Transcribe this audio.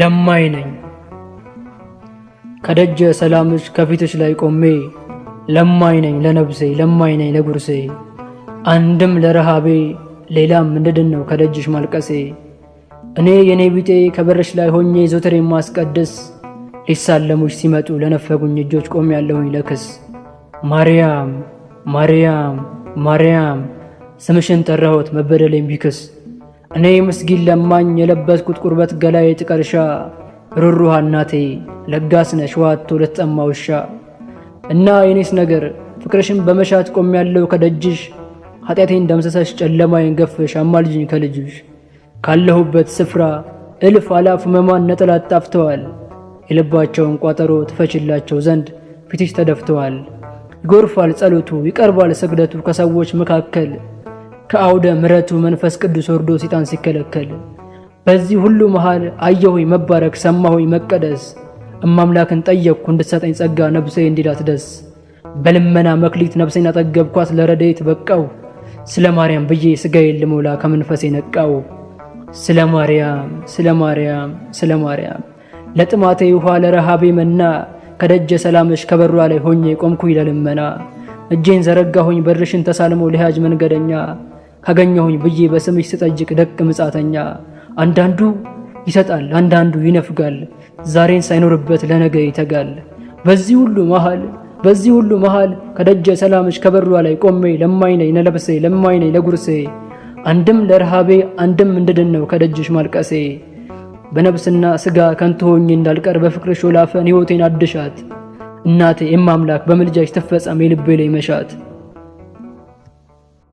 ለማኝ ነኝ። ከደጀ ሰላምሽ ከፊትሽ ላይ ቆሜ ለማኝ ነኝ ለነብሴ ለማኝ ነኝ ለጉርሴ አንድም ለረሃቤ ሌላም ምንድን ነው ከደጅሽ ማልቀሴ? እኔ የኔ ቢጤ ከበረሽ ላይ ሆኜ ዘወትር የማስቀድስ ሊሳለሙሽ ሲመጡ ለነፈጉኝ እጆች ቆም ያለሁኝ ለክስ ማርያም ማርያም ማርያም ስምሽን ጠራሁት መበደሌም ቢክስ እኔ ምስጊን ለማኝ የለበስኩት ቁርበት ገላዬ ጥቀርሻ ሩሩሃ እናቴ ለጋስ ነሽ ውሃ ለተጠማ ውሻ። እና የኔስ ነገር ፍቅርሽን በመሻት ቆም ያለው ከደጅሽ ኃጢአቴን ደምሰሰሽ ጨለማዬን ገፈሽ አማልጅኝ ከልጅሽ ካለሁበት ስፍራ እልፍ አላፍ መማን ነጠላ ጣፍተዋል። የልባቸውን ቋጠሮ ትፈችላቸው ዘንድ ፊትሽ ተደፍተዋል። ይጎርፋል ጸሎቱ ይቀርባል ስግደቱ ከሰዎች መካከል ከአውደ ምረቱ መንፈስ ቅዱስ ወርዶ ሲጣን ሲከለከል በዚህ ሁሉ መሃል አየሁኝ መባረክ ሰማሁኝ መቀደስ እማምላክን ጠየቅኩ እንድትሰጠኝ ጸጋ ነብሴ እንዲላት ደስ በልመና መክሊት ነብሴን አጠገብኳት ለረድኤት በቃው ስለ ማርያም ብዬ ስጋዬን ልሞላ ከመንፈሴ ነቃው። ስለ ማርያም ስለ ማርያም ስለ ማርያም ለጥማቴ ውሃ ለረሃቤ መና ከደጀ ሰላምሽ ከበሯ ላይ ሆኜ ቆምኩኝ ለልመና እጄን ዘረጋሁኝ በርሽን ተሳልሞ ሊያጅ መንገደኛ ካገኘሁኝ ብዬ በስምሽ ስጠይቅ ደቅ ምጻተኛ አንዳንዱ ይሰጣል አንዳንዱ ይነፍጋል፣ ዛሬን ሳይኖርበት ለነገ ይተጋል። በዚህ ሁሉ መሃል በዚህ ሁሉ መሃል ከደጀ ሰላምሽ ከበሯ ላይ ቆሜ ለማይነኝ ለለብሴ ለማይነኝ ለጉርሴ አንድም ለረሃቤ አንድም እንደደነው ከደጅሽ ማልቀሴ በነብስና ስጋ ከንቱ እንዳልቀር በፍቅር ሾላፈን ሕይወቴን አድሻት እናቴ የማምላክ በምልጃሽ ትፈጸም የልቤ ላይ መሻት